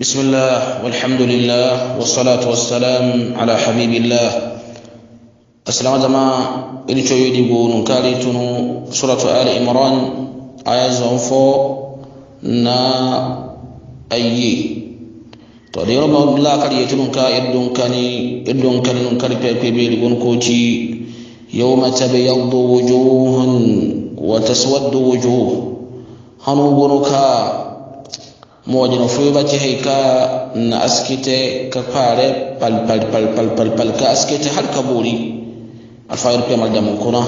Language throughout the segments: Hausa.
بسم الله والحمد لله والصلاة والسلام على حبيب الله السلام جماعة إلي شو يدبو نكالي تنو سورة آل إمران آية زنفو نا أي تولي رب الله كالي يتنو كا إدن كاني إدن كاني نكالي بيبي بيلي كوتي يوم تبيض وجوه وتسود وجوه هنو بنكا moƴo no fowi wacce ka na askite ka paare pal pal pal pal pal pal ka askite har ka ɓoori a fayir pemal damum kuna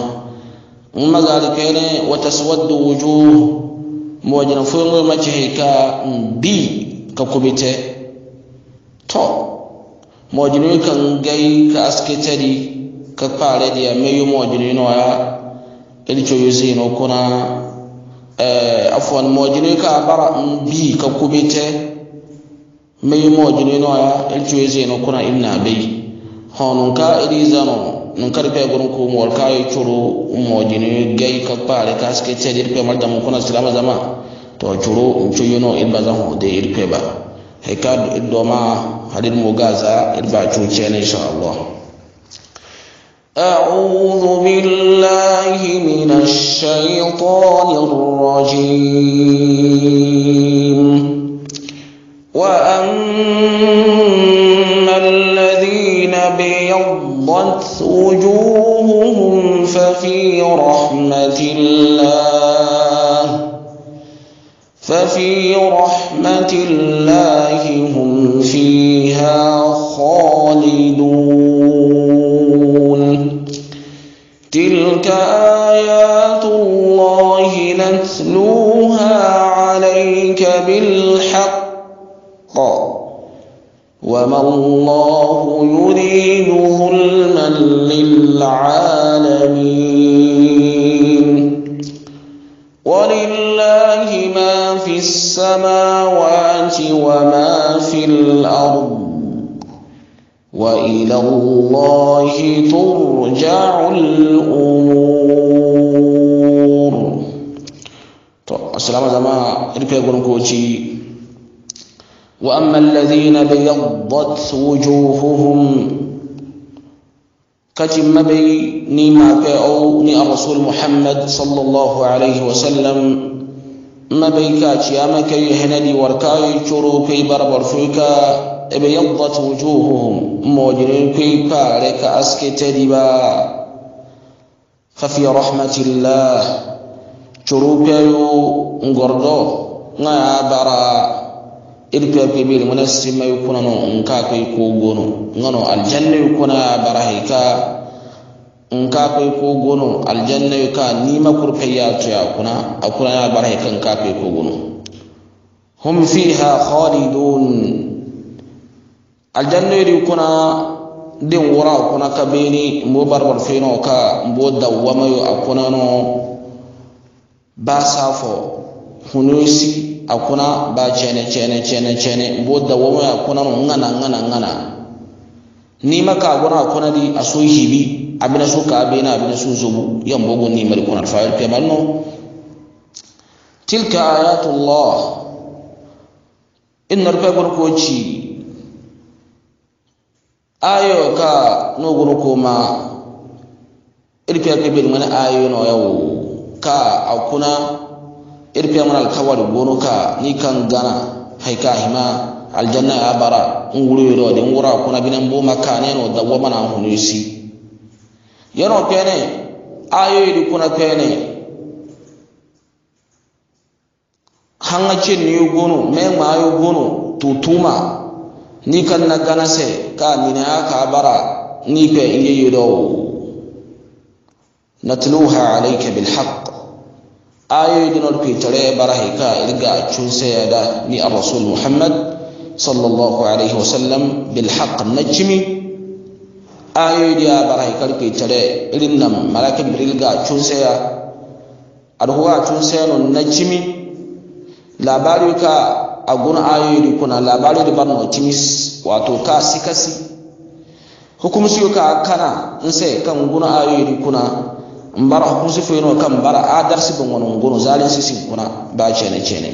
ma zalika hene wa taswaddu wujuh moƴo no fowi moy wacce ka bi ka kuɓite to moƴo kan gay ka askitedi ka paaredi a meyu moƴo noyinoya eli coyo zino kuna Eh, afon moojini ka bara bi ka kubite mey moojini noya elcuesino kuna imna bey honun ka irisano nun kar pegurun kumol ka yo curu moojini gay ka paale ka ske tedir pemal damu kuna silama zama to curu cuyino ilbazaho de ir peba hekad idoma hadid mugaza irba cu cene inshallah أعوذ بالله من الشيطان الرجيم وأما الذين بيضت وجوههم ففي رحمة الله ففي رحمة الله هم فيها خالدون تلك آيات الله نتلوها عليك بالحق وما الله يريد ظلما للعالمين ولله ما في السماوات وما في الأرض وإلى الله ترجع زما زما إركي قرنكوشي وأما الذين بيضت وجوههم كتم بي نيما كأو ني الرسول محمد صلى الله عليه وسلم ما بيكات يا ما كي هندي وركاي شرو كي بربر فيكا بيضت وجوههم موجرين كي بارك أسكتربا ففي رحمة الله curupeyo ngordo nga ya bara irpe ko biri mana sima kuna no nka kai ko gono ngano aljanna yukuna ya bara hika nka kai ko gono aljanna yuka nima ya to ya kuna akuna ya bara hika nka kai ko gono hum fiha khalidun aljanna kuna din wura kuna kabeni mo barbar feno ka mo dawwamayo akuna no ba safo hunusi akuna ba chene chene chene chene boda wome ya kuna ngana ngana ngana ni maka agona akuna di aso hibi abina so ka abina abina so zubu yan bogo ni mari kuna fa'il ke balno tilka ayatullah in narka gon ko ci ayo ka no gon ko ma irka ke bin mana ayo no yawo ka a kuna irfe mana alkawari gono ka ni kan gana haika hima aljanna ya bara in wuri yi da in wura kuna binan boma ka ne no da wama na hunu si yano pene ayoyi da kuna pene hanga cin ni gono me ma yo gono tutuma ni kan na gana se ka ni na ka bara ni pe inge yodo natluha alayka bil haqq ayoyi da norke tare barahika a cun saya da ni a rasul muhammad sallallahu alaihi wasallam bil haqq najmi ayoyi da barahika ke tare irin nan malakin ga cun saya arhuwa cun saya non najmi labari ka a gun ayoyi kuna labari da barno timis wato ka sikasi hukumsi ka kana in sai kan gun ayoyi kuna mbara hukun si fino kan bara a darsi bin wani ngono zalin si kuna ba cene cene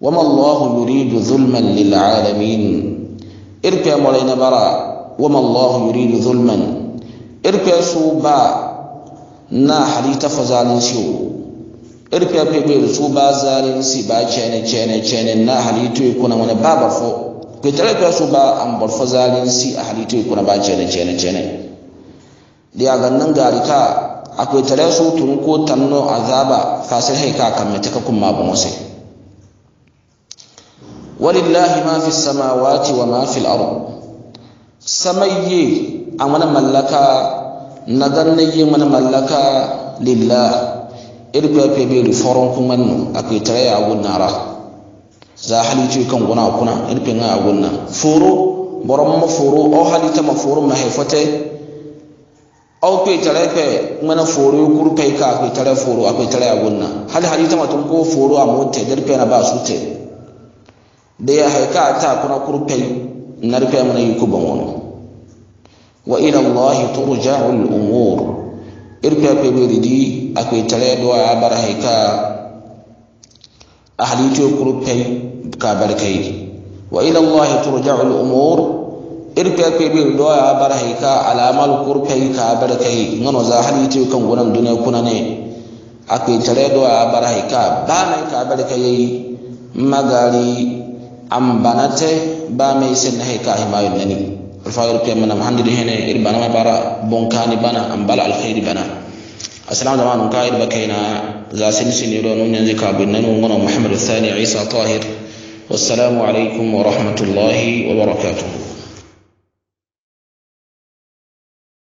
wama allahu yuridu zulman lil alamin irke mole na bara wama allahu yuridu zulman irke su ba na halita fa zalin si irke ke be su ba zalin si ba cene cene cene na halito kuna wani baba fo ke tare ke su ba an bar fa zalin si a halito kuna ba cene cene cene diya gannan gari ka akwai tare su tun ko tanno azaba fasir haika ka kan mai taka ma ba musu walillahi ma fi samawati wa ma fi al-ard samayye amana mallaka na yi mana mallaka lillah irkwa pe be ri foron kuma nan akwai tare ya gunnara za halitu kan guna kuna irkwa ya gunna foro boron ma foro o halita ma foro ma aw kai tare kwe mana foro kur kai ka kai tare foro akwai tare a gunna hal hali ta matun ko foro a mota dar kwe na ba su te da ya haika ta kuna kur kai nar kwe mana yi ban wani wa ila allah turja'u al umur irka kwe be ridi akwai tare do a bar haika ahli to kuru kai ka bar kai wa ila allah turja'u al umur irka ke bi do ya barahi ka alamal kurfai ka barkai ngano za haliti kan gunan duniya kuna ne ake tare do ya barahi ka ba mai ka barkai magari am banate ba mai sin hay ka himayun nani alfaqir ke mana hamdi de hene ir bana bara bonkani bana am bala alkhair bana assalamu alaikum ka ir bakaina za sin sin do non yanzu ka bin nan ngano muhammad thani isa tahir والسلام عليكم ورحمه الله وبركاته